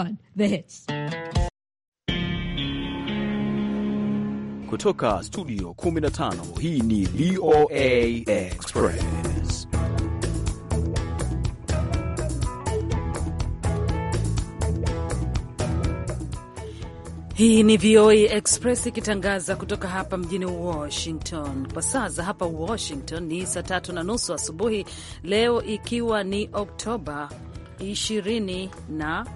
On The Hits. Kutoka studio 15 hii ni VOA Express. Hii ni VOA Express ikitangaza kutoka hapa mjini Washington. Kwa saa za hapa Washington ni saa tatu na nusu asubuhi, leo ikiwa ni Oktoba ishirini na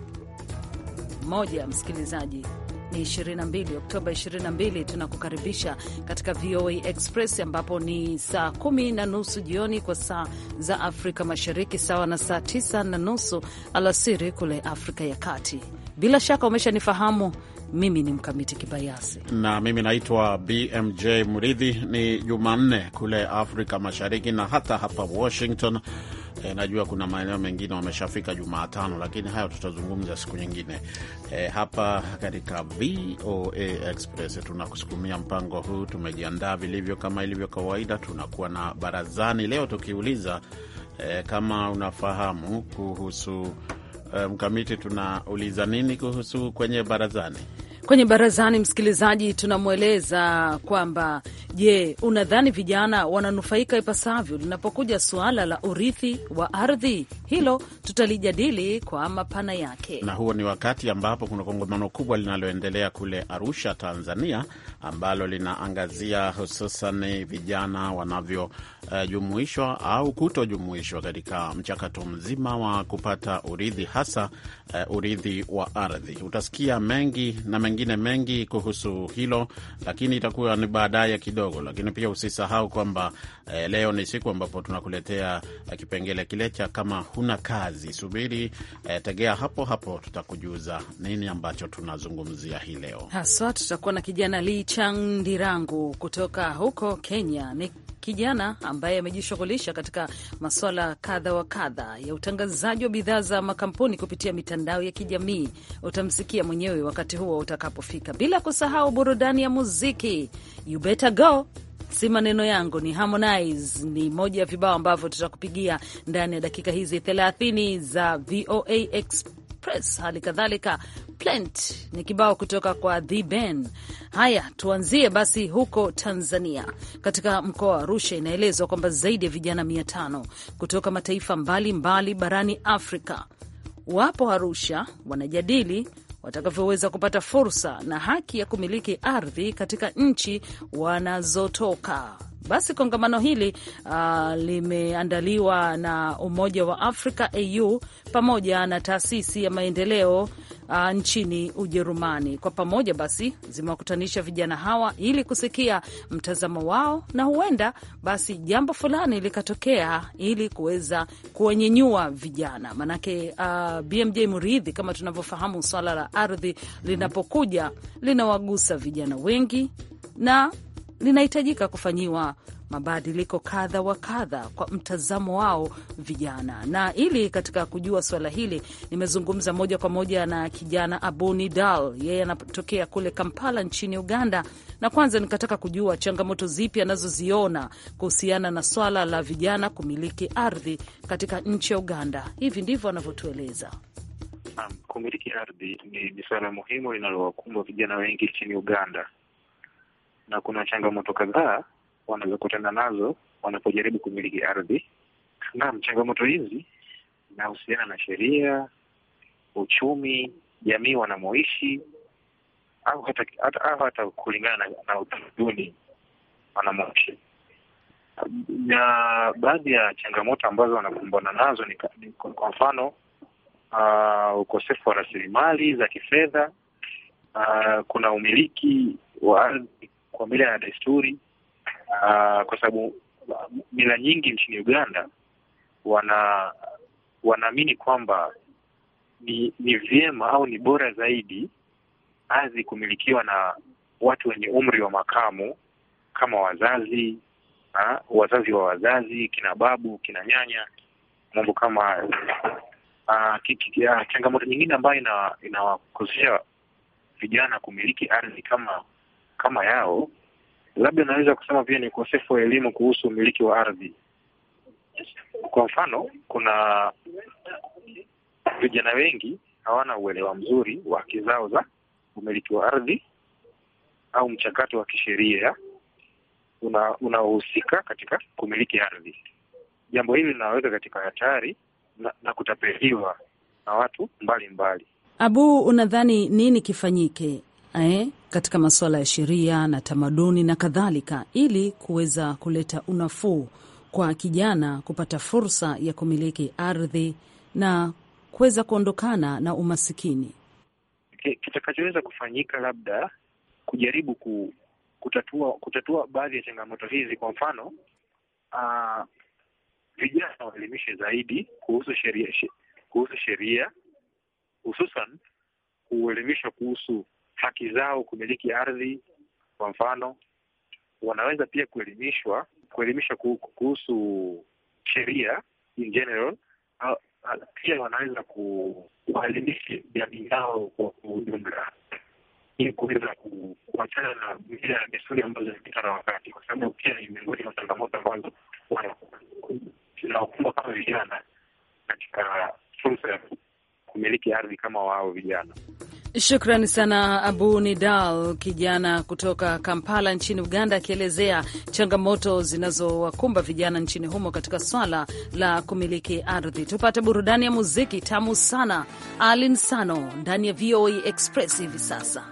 moja msikilizaji ni 22 Oktoba 22. Tunakukaribisha katika VOA Express ambapo ni saa kumi na nusu jioni kwa saa za Afrika Mashariki, sawa na saa tisa na nusu alasiri kule Afrika ya Kati. Bila shaka umeshanifahamu. Mimi ni Mkamiti Kibayasi na mimi naitwa BMJ Mridhi. Ni Jumanne kule Afrika Mashariki na hata hapa Washington E, najua kuna maeneo mengine wameshafika Jumatano, lakini hayo tutazungumza siku nyingine. E, hapa katika VOA Express tunakusukumia mpango huu, tumejiandaa vilivyo. Kama ilivyo kawaida, tunakuwa na barazani leo tukiuliza e, kama unafahamu kuhusu e, mkamiti, tunauliza nini kuhusu kwenye barazani? Kwenye barazani, msikilizaji, tunamweleza kwamba je, unadhani vijana wananufaika ipasavyo linapokuja suala la urithi wa ardhi? Hilo tutalijadili kwa mapana yake, na huo ni wakati ambapo kuna kongamano kubwa linaloendelea kule Arusha, Tanzania, ambalo linaangazia hususan vijana wanavyojumuishwa uh, au kutojumuishwa katika mchakato mzima wa kupata urithi, hasa uh, urithi wa ardhi. Utasikia mengi na mengine mengi kuhusu hilo, lakini itakuwa ni baadaye kidogo. Lakini pia usisahau kwamba uh, leo ni siku ambapo tunakuletea uh, kipengele kile cha kama huna kazi. Subiri uh, tegea hapo hapo, tutakujuza nini ambacho tunazungumzia hii leo haswa. Tutakuwa na kijana Lee Changdirangu kutoka huko Kenya ni kijana ambaye amejishughulisha katika masuala kadha wa kadha ya utangazaji wa bidhaa za makampuni kupitia mitandao ya kijamii. Utamsikia mwenyewe wakati huo utakapofika, bila kusahau burudani ya muziki. You better go Si maneno yangu, ni Harmonize. Ni moja ya vibao ambavyo tutakupigia ndani ya dakika hizi 30 za VOA Express. Express, hali kadhalika Plant ni kibao kutoka kwa The Ben. Haya, tuanzie basi huko Tanzania, katika mkoa wa Arusha. Inaelezwa kwamba zaidi ya vijana mia tano kutoka mataifa mbalimbali mbali barani Afrika wapo Arusha wanajadili watakavyoweza kupata fursa na haki ya kumiliki ardhi katika nchi wanazotoka. Basi kongamano hili uh, limeandaliwa na Umoja wa Afrika AU pamoja na taasisi ya maendeleo Uh, nchini Ujerumani. Kwa pamoja basi zimewakutanisha vijana hawa ili kusikia mtazamo wao, na huenda basi jambo fulani likatokea ili kuweza kuwanyenyua vijana, manake uh, BMJ Muridhi, kama tunavyofahamu, swala la ardhi linapokuja linawagusa vijana wengi na linahitajika kufanyiwa mabadiliko kadha wa kadha kwa mtazamo wao vijana. Na ili katika kujua swala hili, nimezungumza moja kwa moja na kijana Abuni Dal, yeye anatokea kule Kampala nchini Uganda, na kwanza nikataka kujua changamoto zipi anazoziona kuhusiana na swala la vijana kumiliki ardhi katika nchi ya Uganda. Hivi ndivyo anavyotueleza. Kumiliki ardhi ni, ni swala muhimu linalowakumba vijana wengi nchini Uganda na kuna changamoto kadhaa wanazokutana nazo wanapojaribu kumiliki ardhi. Naam, changamoto hizi zinahusiana na sheria, uchumi, jamii wanamoishi au hata, hata, hata kulingana na, na utamaduni wanamoishi na baadhi ya changamoto ambazo wanakumbana nazo ni, ni kwa mfano uh, ukosefu wa rasilimali za kifedha. Uh, kuna umiliki wa ardhi kwa mila na desturi uh, kwa sababu ah, mila nyingi nchini Uganda wana wanaamini kwamba ni, ni vyema au ni bora zaidi ardhi kumilikiwa na watu wenye umri wa makamu kama wazazi ha, wazazi wa wazazi, kina babu, kina nyanya, mambo kama hayo. Ah, changamoto nyingine ambayo inawakosesha ina vijana kumiliki ardhi kama kama yao, labda naweza kusema pia ni ukosefu wa elimu kuhusu umiliki wa ardhi. Kwa mfano, kuna vijana wengi hawana uelewa mzuri wa haki zao za umiliki wa ardhi au mchakato wa kisheria unaohusika una katika kumiliki ardhi. Jambo hili linaweka katika hatari na, na kutapeliwa na watu mbalimbali mbali. Abu, unadhani nini kifanyike eh, katika masuala ya sheria na tamaduni na kadhalika, ili kuweza kuleta unafuu kwa kijana kupata fursa ya kumiliki ardhi na kuweza kuondokana na umasikini. Kitakachoweza kufanyika labda kujaribu ku, kutatua kutatua baadhi ya changamoto hizi, kwa mfano uh, vijana waelimishe zaidi kuhusu sheria, kuhusu sheria hususan kuelimishwa kuhusu haki zao kumiliki ardhi kwa mfano. Wanaweza pia kuelimishwa kuelimishwa kuhusu sheria in general. Pia wanaweza kuwaelimisha jamii yao kwa ujumla, ili kuweza kuachana na mila ya desturi ambazo zimepita na wakati, kwa sababu pia ni miongoni mwa changamoto ambazo zinawakumba kama vijana katika fursa ya kumiliki ardhi kama wao vijana. Shukrani sana Abu Nidal, kijana kutoka Kampala nchini Uganda, akielezea changamoto zinazowakumba vijana nchini humo katika swala la kumiliki ardhi. Tupate burudani ya muziki tamu sana, Alin Sano ndani ya VOA Express hivi sasa.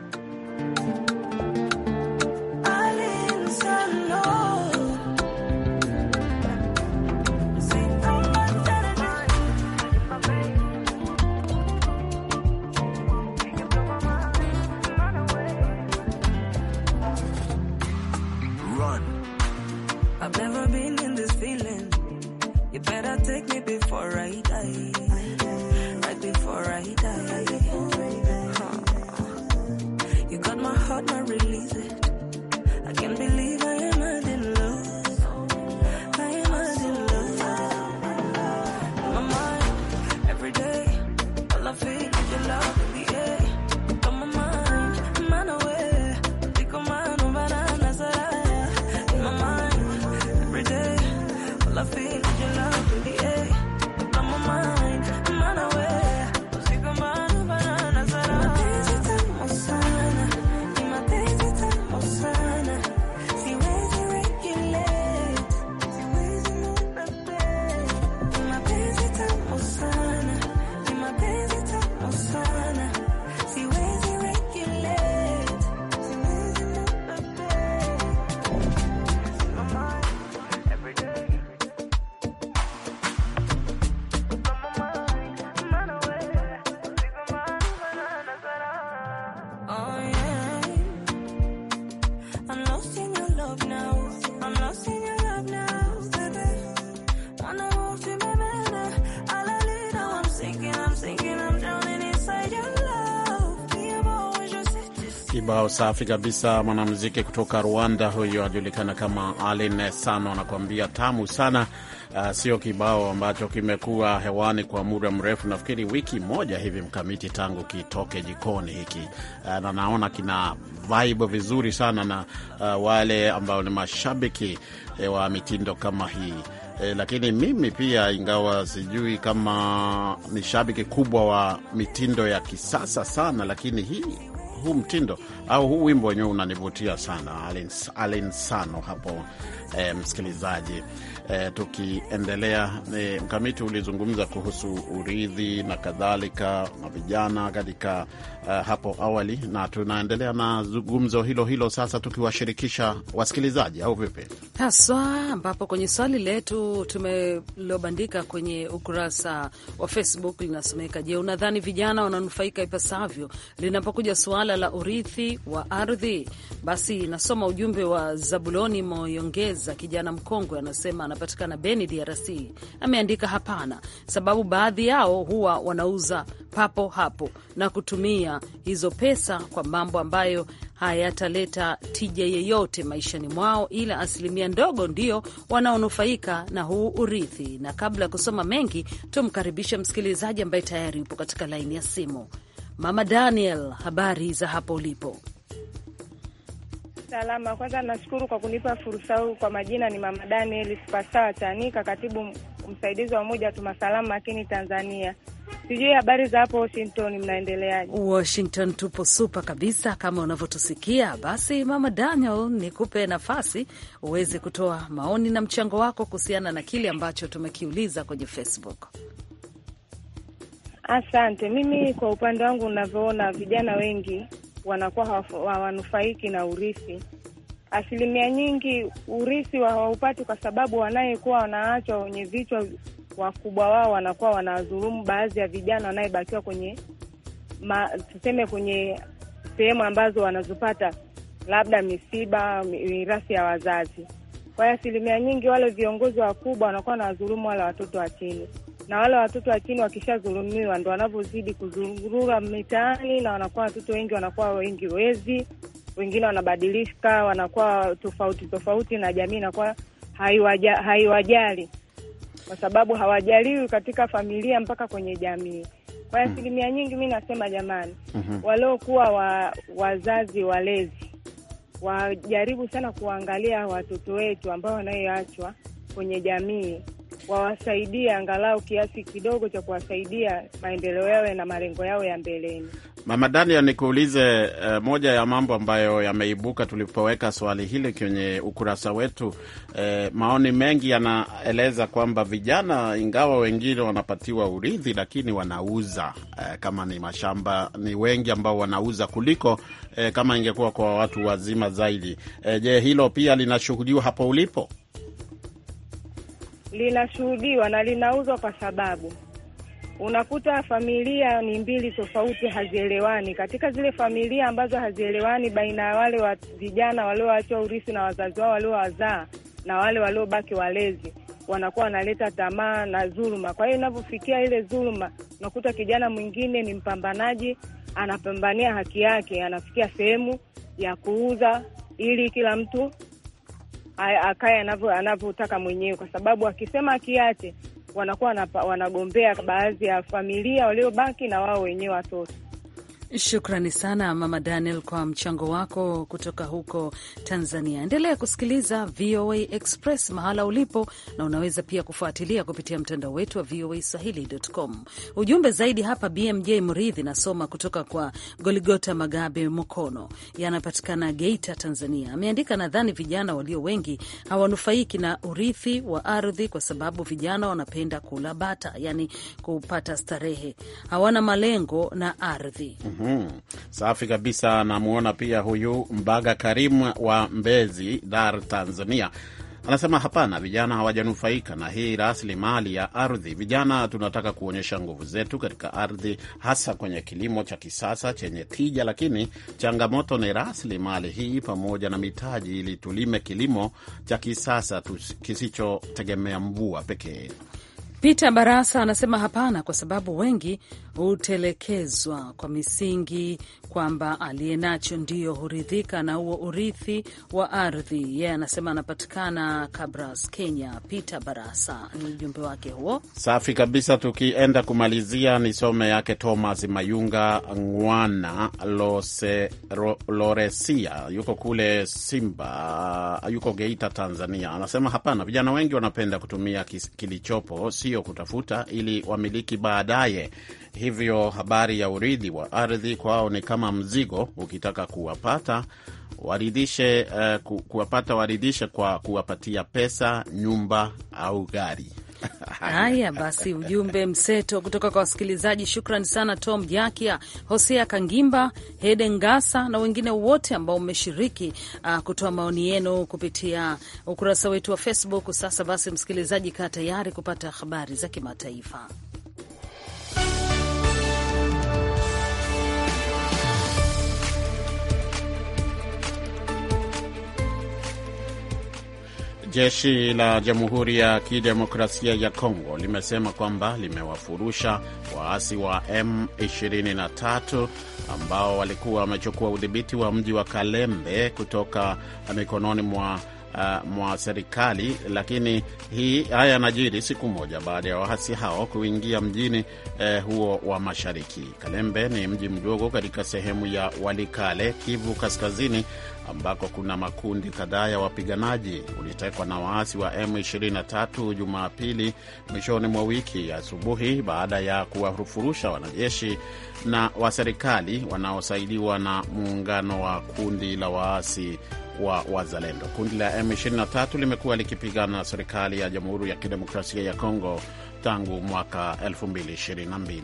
kibao safi kabisa. Mwanamuziki kutoka Rwanda huyo ajulikana kama Aline Sano anakuambia tamu sana. Uh, sio kibao ambacho kimekuwa hewani kwa muda mrefu, nafikiri wiki moja hivi mkamiti tangu kitoke jikoni hiki. Uh, na naona kina vibe vizuri sana na uh, wale ambao ni mashabiki eh, wa mitindo kama hii eh, lakini mimi pia ingawa sijui kama ni shabiki kubwa wa mitindo ya kisasa sana, lakini hii huu mtindo au huu wimbo wenyewe unanivutia sana, Alinsano hapo eh, msikilizaji eh, tukiendelea eh, Mkamiti ulizungumza kuhusu urithi na kadhalika na vijana katika uh, hapo awali, na tunaendelea na zungumzo hilo hilo sasa tukiwashirikisha wasikilizaji au vipi haswa, ambapo kwenye swali letu tumelobandika kwenye ukurasa wa Facebook linasomeka: Je, unadhani vijana wananufaika ipasavyo linapokuja suala la urithi wa ardhi? Basi nasoma ujumbe wa Zabuloni Moyongeza, kijana mkongwe, anasema anapatikana Beni, DRC. Ameandika hapana, sababu baadhi yao huwa wanauza papo hapo na kutumia kutumia hizo pesa kwa mambo ambayo hayataleta tija yeyote maishani mwao, ila asilimia ndogo ndio wanaonufaika na huu urithi. Na kabla ya kusoma mengi, tumkaribishe msikilizaji ambaye tayari yupo katika laini ya simu. Mama Daniel, habari za hapo ulipo? Salama. Kwanza nashukuru kwa kunipa fursa huu. Kwa majina ni Mama Daniel Spasaa Tanika, katibu msaidizi wa umoja wa tumasalama makini Tanzania. Sijui habari za hapo Washington, mnaendeleaje? Washington tupo supa kabisa, kama unavyotusikia. Basi Mama Daniel, nikupe nafasi uweze kutoa maoni na mchango wako kuhusiana na kile ambacho tumekiuliza kwenye Facebook. Asante. Mimi kwa upande wangu, unavyoona vijana wengi wanakuwa hawanufaiki na urithi asilimia nyingi urithi hawaupati kwa sababu wanayekuwa wanaachwa wenye vichwa wakubwa wao wanakuwa wanawadhulumu baadhi ya vijana wanayebakiwa kwenye ma, tuseme kwenye sehemu ambazo wanazopata labda misiba, mirathi ya wazazi. Kwa hiyo asilimia nyingi wale viongozi wakubwa wanakuwa na wale watoto wa chini, na wale watoto wa chini wakishadhulumiwa ndo wanavyozidi kuzurura mitaani, na wanakuwa watoto wengi wanakuwa wengi wezi, wengine wanabadilika, wanakuwa tofauti tofauti, na jamii inakuwa haiwajali kwa sababu hawajaliwi katika familia mpaka kwenye jamii. Kwa hmm. asilimia nyingi, mi nasema jamani, mm -hmm. waliokuwa wa, wazazi walezi wajaribu sana kuwaangalia watoto wetu ambao wanayoachwa kwenye jamii, wawasaidie angalau kiasi kidogo cha kuwasaidia maendeleo yao na malengo yao ya mbeleni. Mama Daniel, nikuulize uh, moja ya mambo ambayo yameibuka tulipoweka swali hili kwenye ukurasa wetu uh, maoni mengi yanaeleza kwamba vijana, ingawa wengine wanapatiwa urithi, lakini wanauza uh, kama ni mashamba, ni wengi ambao wanauza kuliko uh, kama ingekuwa kwa watu wazima zaidi. Uh, je, hilo pia linashuhudiwa hapo ulipo? Linashuhudiwa na linauzwa kwa sababu unakuta familia ni mbili tofauti, hazielewani. Katika zile familia ambazo hazielewani, baina ya wale vijana walioachwa urithi na wazazi wao waliowazaa na wale waliobaki walezi wanakuwa wanaleta tamaa na dhuluma. Kwa hiyo inavyofikia ile dhuluma, unakuta kijana mwingine ni mpambanaji, anapambania haki yake, anafikia sehemu ya kuuza ili kila mtu akaye anavyotaka mwenyewe, kwa sababu akisema akiache wanakuwa wanagombea baadhi ya familia waliobaki na wao wenyewe watoto. Shukrani sana Mama Daniel kwa mchango wako kutoka huko Tanzania. Endelea kusikiliza VOA Express mahala ulipo, na unaweza pia kufuatilia kupitia mtandao wetu wa VOA Swahili.com. Ujumbe zaidi hapa, BMJ Mridhi nasoma kutoka kwa Goligota Magabe Mokono, yanapatikana Geita, Tanzania. Ameandika, nadhani vijana walio wengi hawanufaiki na urithi wa ardhi kwa sababu vijana wanapenda kula bata, yani kupata starehe, hawana malengo na ardhi. Mhm. Mm, safi kabisa. Namwona pia huyu Mbaga Karimu wa Mbezi, Dar, Tanzania, anasema hapana, vijana hawajanufaika na hii rasilimali ya ardhi. Vijana tunataka kuonyesha nguvu zetu katika ardhi, hasa kwenye kilimo cha kisasa chenye tija, lakini changamoto ni rasilimali hii pamoja na mitaji, ili tulime kilimo cha kisasa kisichotegemea mvua pekee. Peter Barasa anasema hapana, kwa sababu wengi hutelekezwa kwa misingi kwamba aliye nacho ndiyo huridhika na huo urithi wa ardhi. Yeye yeah, anasema anapatikana Kabras, Kenya. Peter Barasa ni ujumbe wake huo. Safi kabisa. Tukienda kumalizia, nisome yake Thomas Mayunga Ngwana Lose, Ro, Loresia, yuko kule Simba, yuko Geita, Tanzania. Anasema hapana, vijana wengi wanapenda kutumia kilichopo si hiyo kutafuta ili wamiliki baadaye. Hivyo habari ya urithi wa ardhi kwao ni kama mzigo, ukitaka kuwapata waridhishe, uh, ku, kuwapata waridhishe kwa kuwapatia pesa, nyumba au gari. Haya basi, ujumbe mseto kutoka kwa wasikilizaji. Shukran sana Tom Jakia, Hosea Kangimba, hede Ngasa na wengine wote ambao mmeshiriki uh, kutoa maoni yenu kupitia ukurasa wetu wa Facebook. Sasa basi, msikilizaji, kaa tayari kupata habari za kimataifa. Jeshi la Jamhuri ya Kidemokrasia ya Kongo limesema kwamba limewafurusha waasi wa M23 ambao walikuwa wamechukua udhibiti wa mji wa Kalembe kutoka mikononi mwa Uh, mwa serikali lakini hii haya yanajiri siku moja baada ya waasi hao kuingia mjini uh, huo wa mashariki. Kalembe ni mji mdogo katika sehemu ya Walikale, Kivu Kaskazini, ambako kuna makundi kadhaa ya wapiganaji ulitekwa na waasi wa M23 Jumapili mwishoni mwa wiki asubuhi baada ya kuwafurusha wanajeshi na wa serikali wanaosaidiwa na muungano wa kundi la waasi wa wazalendo. Kundi la M23 limekuwa likipigana na serikali ya Jamhuri ya Kidemokrasia ya Kongo tangu mwaka 2022.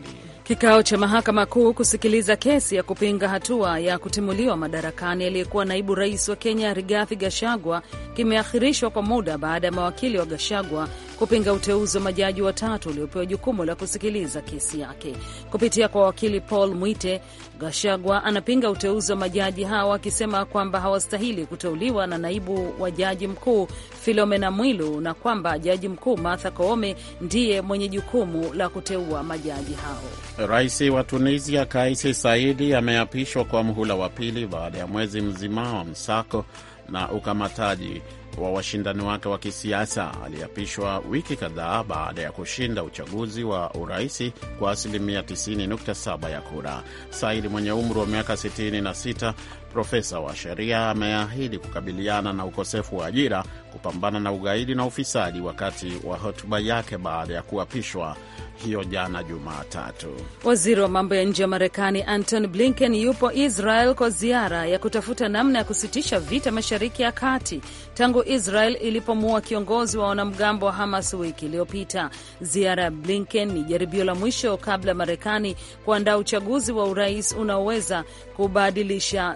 Kikao cha mahakama kuu kusikiliza kesi ya kupinga hatua ya kutimuliwa madarakani aliyekuwa naibu rais wa Kenya Rigathi gashagwa kimeahirishwa kwa muda baada ya mawakili wa gashagwa kupinga uteuzi wa majaji watatu uliopewa jukumu la kusikiliza kesi yake. Kupitia kwa wakili Paul Mwite, Gashagwa anapinga uteuzi wa majaji hao akisema kwamba hawastahili kuteuliwa na naibu wa jaji mkuu Filomena Mwilu na kwamba jaji mkuu Martha Koome ndiye mwenye jukumu la kuteua majaji hao. Rais wa Tunisia Kais Saidi ameapishwa kwa mhula wa pili baada ya mwezi mzima wa msako na ukamataji wa washindani wake wa kisiasa aliapishwa wiki kadhaa baada ya kushinda uchaguzi wa uraisi kwa asilimia 90.7 ya kura. Said mwenye umri wa miaka 66 Profesa wa sheria ameahidi kukabiliana na ukosefu wa ajira, kupambana na ugaidi na ufisadi wakati wa hotuba yake baada ya kuapishwa hiyo jana Jumatatu. Waziri wa mambo ya nje wa Marekani Anton Blinken yupo Israel kwa ziara ya kutafuta namna ya kusitisha vita mashariki ya kati tangu Israel ilipomuua kiongozi wa wanamgambo wa Hamas wiki iliyopita. Ziara ya Blinken ni jaribio la mwisho kabla Marekani kuandaa uchaguzi wa urais unaoweza kubadilisha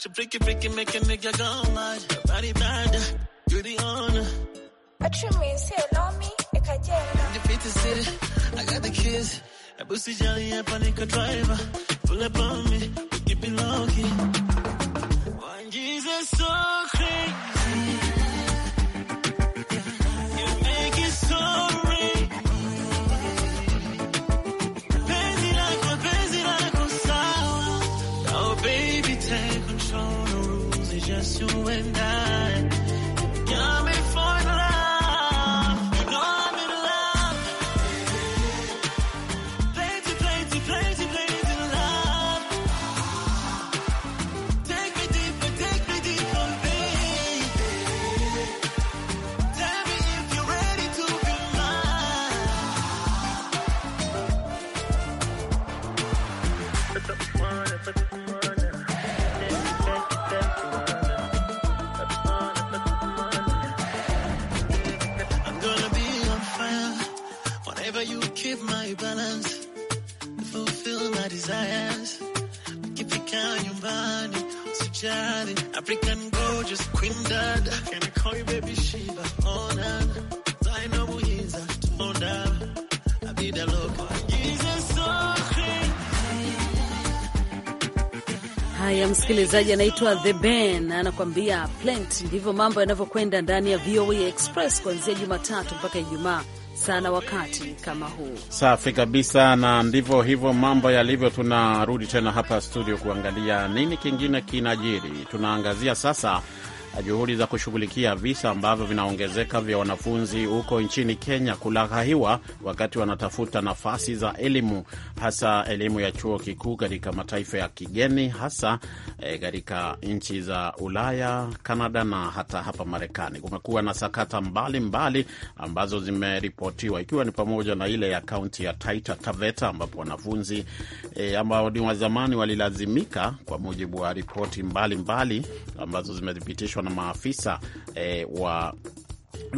She freaky, freaky, make a nigga go mad. Body bad, you the owner. What you mean, say love me, it can not Defeat the city, I got the kids. A pussy jelly, a panic driver. Pull up on me, keep it low key. One Jesus, so African gorgeous queen dad. Can I call you baby Shiva? Oh, nah. Zaina Muhiza, Tumonda. Abida Loka. Jesus so Haya, msikilizaji anaitwa The Ben anakuambia Plant. Ndivyo mambo yanavyokwenda ndani ya VOA e Express kuanzia Jumatatu mpaka Ijumaa sana wakati kama huu. Safi kabisa, na ndivyo hivyo mambo yalivyo. Tunarudi tena hapa studio kuangalia nini kingine kinajiri. Tunaangazia sasa juhudi za kushughulikia visa ambavyo vinaongezeka vya wanafunzi huko nchini Kenya kulaghaiwa wakati wanatafuta nafasi za elimu, hasa elimu ya chuo kikuu katika mataifa ya kigeni, hasa e, katika nchi za Ulaya, Kanada na hata hapa Marekani. Kumekuwa na sakata mbalimbali mbali ambazo zimeripotiwa ikiwa ni pamoja na ile ya kaunti ya Taita Taveta ambapo wanafunzi e, ambao ni wa zamani walilazimika, kwa mujibu wa ripoti mbalimbali ambazo zimethibitishwa kukamatwa na maafisa e, wa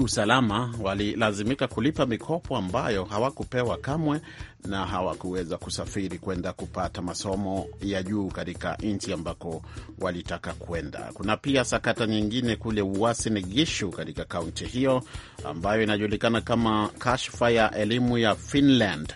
usalama walilazimika kulipa mikopo ambayo hawakupewa kamwe na hawakuweza kusafiri kwenda kupata masomo ya juu katika nchi ambako walitaka kwenda. Kuna pia sakata nyingine kule Uasin Gishu katika kaunti hiyo ambayo inajulikana kama kashfa ya elimu ya Finland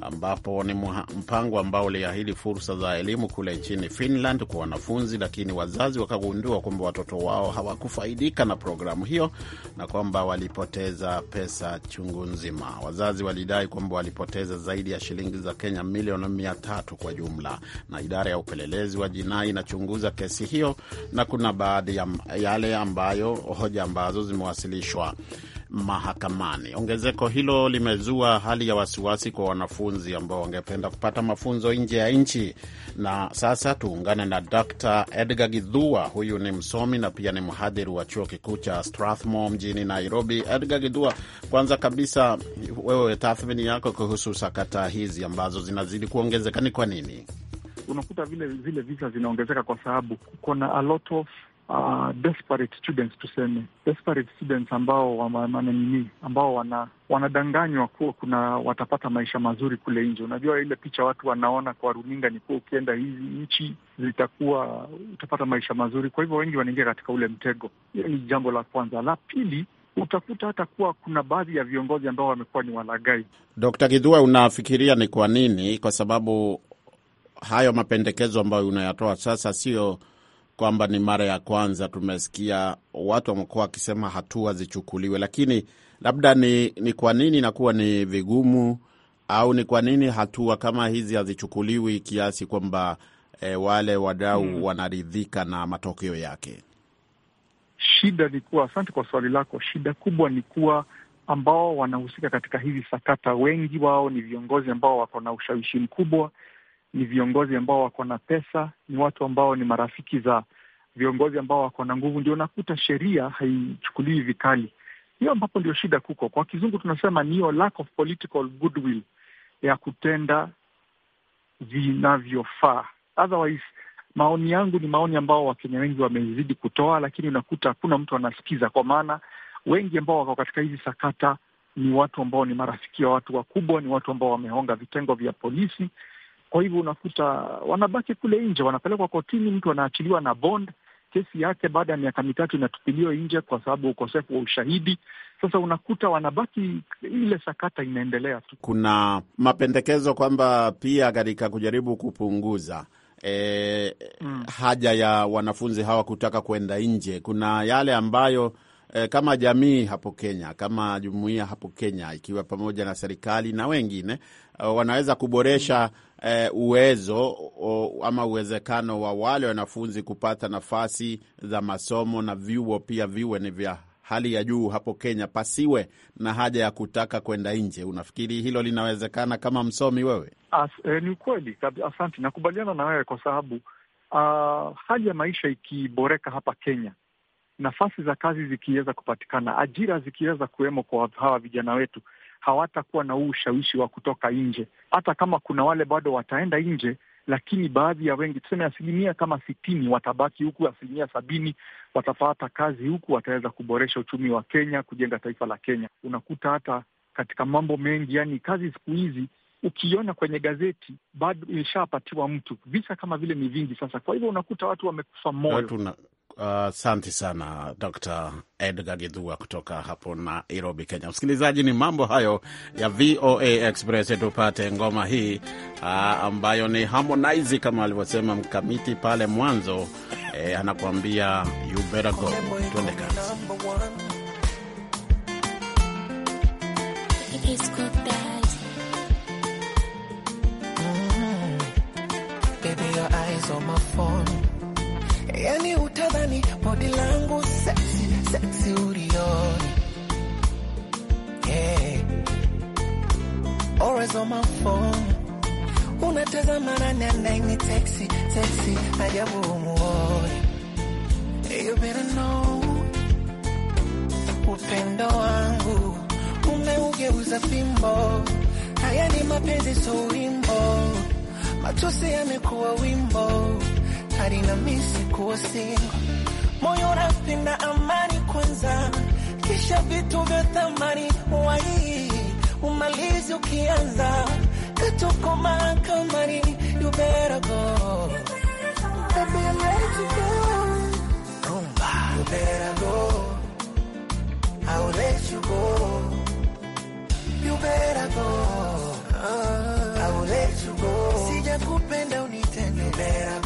ambapo ni mpango ambao uliahidi fursa za elimu kule nchini Finland kwa wanafunzi, lakini wazazi wakagundua kwamba watoto wao hawakufaidika na programu hiyo na kwamba walipoteza pesa chungu nzima. Wazazi walidai kwamba walipoteza zaidi ya shilingi za Kenya milioni mia tatu kwa jumla, na idara ya upelelezi wa jinai inachunguza kesi hiyo, na kuna baadhi ya yale ambayo hoja ambazo zimewasilishwa mahakamani. Ongezeko hilo limezua hali ya wasiwasi kwa wanafunzi ambao wangependa kupata mafunzo nje ya nchi. Na sasa tuungane na Dr Edgar Gidhua. Huyu ni msomi na pia ni mhadhiri wa chuo kikuu cha Strathmore mjini Nairobi. Edgar Gidhua, kwanza kabisa, wewe tathmini yako kuhusu sakata hizi ambazo zinazidi kuongezeka ni kwa nini unakuta vile vile visa zinaongezeka? Kwa sababu kuna a lot of uh, desperate students tuseme, desperate students ambao wananinii, ambao wana wanadanganywa kuwa kuna watapata maisha mazuri kule nje. Unajua ile picha watu wanaona kwa runinga ni kuwa ukienda hizi nchi zitakuwa utapata maisha mazuri, kwa hivyo wengi wanaingia katika ule mtego. Hiyo ni jambo la kwanza. La pili utakuta hata kuwa kuna baadhi ya viongozi ambao wamekuwa ni walagai. Dkt. kidhua unafikiria ni kwa nini? Kwa sababu hayo mapendekezo ambayo unayatoa sasa sio kwamba ni mara ya kwanza tumesikia watu wamekuwa wakisema hatua zichukuliwe, lakini labda ni, ni kwa nini inakuwa ni vigumu au ni kwa nini hatua kama hizi hazichukuliwi kiasi kwamba e, wale wadau hmm, wanaridhika na matokeo yake? Shida ni kuwa, asante kwa swali lako. Shida kubwa ni kuwa ambao wanahusika katika hizi sakata, wengi wao ni viongozi ambao wako na ushawishi mkubwa ni viongozi ambao wako na pesa, ni watu ambao ni marafiki za viongozi ambao wako na nguvu, ndio unakuta sheria haichukuliwi vikali. Hiyo ambapo ndio shida kuko. Kwa kizungu tunasema ni hiyo lack of political goodwill ya kutenda vinavyofaa. Otherwise, maoni yangu ni maoni ambao Wakenya wengi wamezidi kutoa, lakini unakuta hakuna mtu anasikiza, kwa maana wengi ambao wako katika hizi sakata ni watu ambao ni marafiki wa watu wakubwa, ni watu ambao wamehonga vitengo vya polisi, kwa hivyo unakuta wanabaki kule nje, wanapelekwa kotini, mtu anaachiliwa na bond, kesi yake baada ya miaka mitatu inatupiliwa nje kwa sababu ukosefu wa ushahidi. Sasa unakuta wanabaki, ile sakata inaendelea tu. Kuna mapendekezo kwamba pia katika kujaribu kupunguza E, mm. haja ya wanafunzi hawa kutaka kwenda nje, kuna yale ambayo e, kama jamii hapo Kenya, kama jumuiya hapo Kenya, ikiwa pamoja na serikali na wengine eh, wanaweza kuboresha e, uwezo o, ama uwezekano wa wale wanafunzi kupata nafasi za masomo na vyuo pia viwe ni vya hali ya juu hapo Kenya, pasiwe na haja ya kutaka kwenda nje. Unafikiri hilo linawezekana kama msomi wewe? As, e, ni ukweli. Asante, nakubaliana na wewe kwa sababu uh, hali ya maisha ikiboreka hapa Kenya nafasi za kazi zikiweza kupatikana, ajira zikiweza kuwemo kwa hawa vijana wetu, hawatakuwa na huu ushawishi wa kutoka nje. Hata kama kuna wale bado wataenda nje, lakini baadhi ya wengi, tuseme asilimia kama sitini watabaki huku, asilimia sabini watapata kazi huku, wataweza kuboresha uchumi wa Kenya, kujenga taifa la Kenya. Unakuta hata katika mambo mengi, yani kazi siku hizi ukiona kwenye gazeti bado ishapatiwa mtu, visa kama vile ni vingi sasa. Kwa hivyo unakuta watu wamekufa moyo, Uh, asante uh, sana Dr Edgar Gidhua kutoka hapo Nairobi, Kenya. Msikilizaji, ni mambo hayo ya VOA Express. Tupate ngoma hii uh, ambayo ni Harmonize kama alivyosema mkamiti pale mwanzo eh, anakuambia you better go. Tuende kazi nadhani bodi langu sexy sexy ulioni yeah. Always on my phone unatazama na nenda ni sexy sexy ajabu umuoni you better know upendo wangu umeugeuza fimbo haya ni mapenzi so wimbo matusi yamekuwa wimbo alina misi kuwa moyo unapenda amani kwanza, kisha vitu vya thamani wai umalizi ukianza katukoma kamari you better go. Baby, unitende. You better go.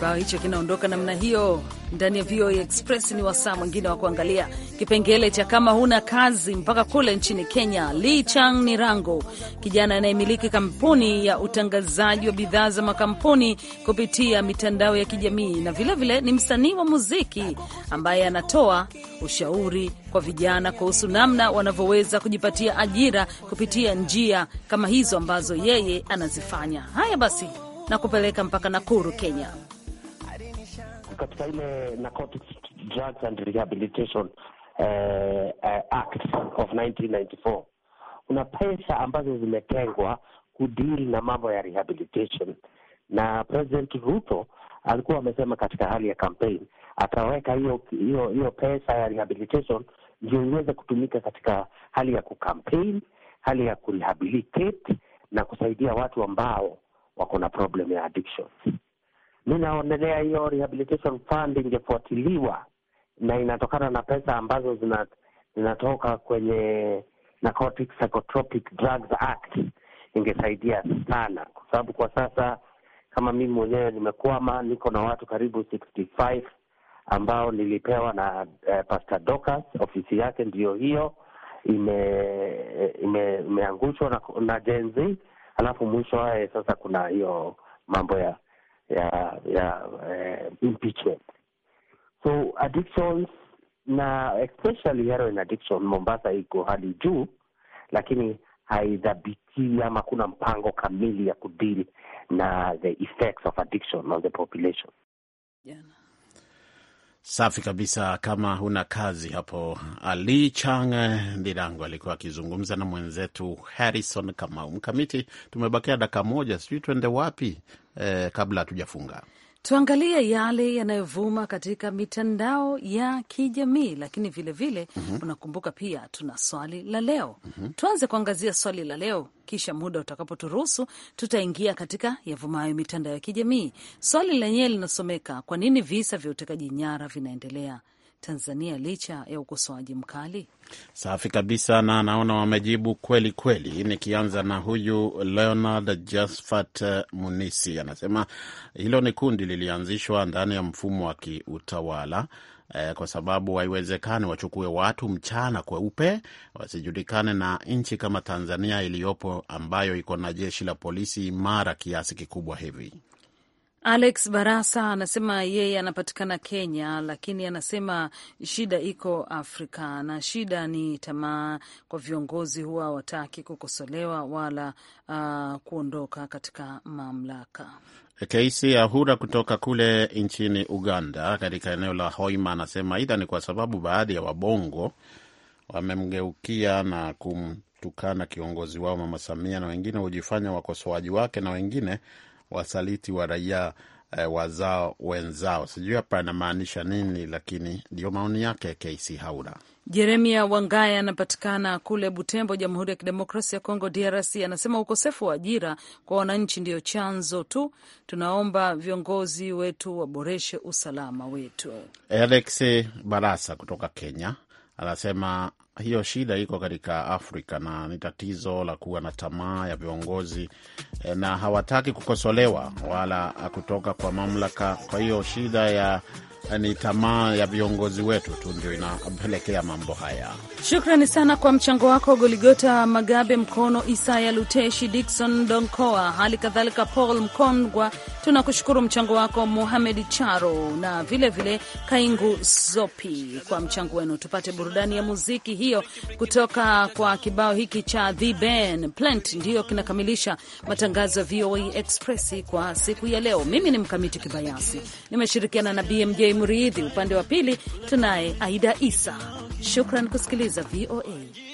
Kibao hicho kinaondoka namna hiyo ndani ya VOA Express. Ni wasaa mwingine wa kuangalia kipengele cha kama huna kazi. Mpaka kule nchini Kenya, Lee Chang Nirango, kijana anayemiliki kampuni ya utangazaji wa bidhaa za makampuni kupitia mitandao ya kijamii na vilevile vile, ni msanii wa muziki ambaye anatoa ushauri kwa vijana kuhusu namna wanavyoweza kujipatia ajira kupitia njia kama hizo ambazo yeye anazifanya. Haya basi, na kupeleka mpaka Nakuru, Kenya katika ile Narcotics Drugs and Rehabilitation eh, eh Act of 1994 kuna pesa ambazo zimetengwa kudili na mambo ya rehabilitation, na President Ruto alikuwa amesema katika hali ya campaign ataweka hiyo hiyo hiyo pesa ya rehabilitation ndio iweze kutumika katika hali ya kucampaign, hali ya kurehabilitate na kusaidia watu ambao wako na problem ya addictions mi naonelea hiyo rehabilitation fund ingefuatiliwa na inatokana na pesa ambazo zinatoka kwenye Narcotic Psychotropic Drugs Act ingesaidia sana, kwa sababu kwa sasa kama mimi mwenyewe nimekwama, niko na watu karibu 65 ambao nilipewa na uh, Pastor Docas. Ofisi yake ndiyo hiyo ime- imeangushwa ime na, na jenzi alafu mwisho waye sasa kuna hiyo mambo ya ya ya uh, impeachment. So addictions na especially heroin addiction Mombasa iko hali juu, lakini haidhabiti ama kuna mpango kamili ya kudili na the effects of addiction on the population. Yeah. Safi kabisa. Kama huna kazi hapo, Ali Chang Ndirango eh, alikuwa akizungumza na mwenzetu Harrison Kamau. Mkamiti, tumebakia dakika moja, sijui tuende wapi? eh, kabla hatujafunga tuangalie yale yanayovuma katika mitandao ya kijamii lakini vilevile vile, mm -hmm. unakumbuka pia tuna swali la leo mm -hmm. tuanze kuangazia swali la leo kisha muda utakapoturuhusu tutaingia katika yavumayo mitandao ya kijamii swali lenyewe linasomeka kwa nini visa vya utekaji nyara vinaendelea Tanzania licha ya ukosoaji mkali? Safi kabisa, na naona wamejibu kweli kweli. Nikianza na huyu Leonard Jasfat Munisi, anasema hilo ni kundi lilianzishwa ndani ya mfumo wa kiutawala eh, kwa sababu haiwezekani wachukue watu mchana kweupe wasijulikane na nchi kama Tanzania iliyopo ambayo iko na jeshi la polisi imara kiasi kikubwa hivi. Alex Barasa anasema yeye anapatikana Kenya, lakini anasema shida iko Afrika na shida ni tamaa. Kwa viongozi huwa hawataki kukosolewa wala uh, kuondoka katika mamlaka. Keisi Ahura kutoka kule nchini Uganda, katika eneo la Hoima, anasema aidha ni kwa sababu baadhi ya wabongo wamemgeukia na kumtukana kiongozi wao Mama Samia, na wengine hujifanya wakosoaji wake na wengine wasaliti wa raia e, wazao wenzao. Sijui hapa anamaanisha nini, lakini ndio maoni yake. KC Haura Jeremia Wangaya anapatikana kule Butembo, Jamhuri ya Kidemokrasia ya Kongo, DRC. Anasema ukosefu wa ajira kwa wananchi ndiyo chanzo tu, tunaomba viongozi wetu waboreshe usalama wetu. Alex Barasa kutoka Kenya anasema hiyo shida iko katika Afrika na ni tatizo la kuwa na tamaa ya viongozi e, na hawataki kukosolewa wala kutoka kwa mamlaka. Kwa hiyo shida ya ni tamaa ya viongozi wetu tu ndio inapelekea mambo haya. Shukrani sana kwa mchango wako Goligota Magabe Mkono, Isaya Luteshi, Dikson Donkoa, hali kadhalika Paul Mkongwa. Tunakushukuru mchango wako muhamed Charo na vilevile vile Kaingu Zopi kwa mchango wenu. Tupate burudani ya muziki hiyo kutoka kwa kibao hiki cha The Ben Plant. Ndiyo kinakamilisha matangazo ya VOA Express kwa siku ya leo. Mimi ni Mkamiti Kibayasi, nimeshirikiana na BMJ Mridhi, upande wa pili tunaye Aida Isa. Shukran kusikiliza VOA.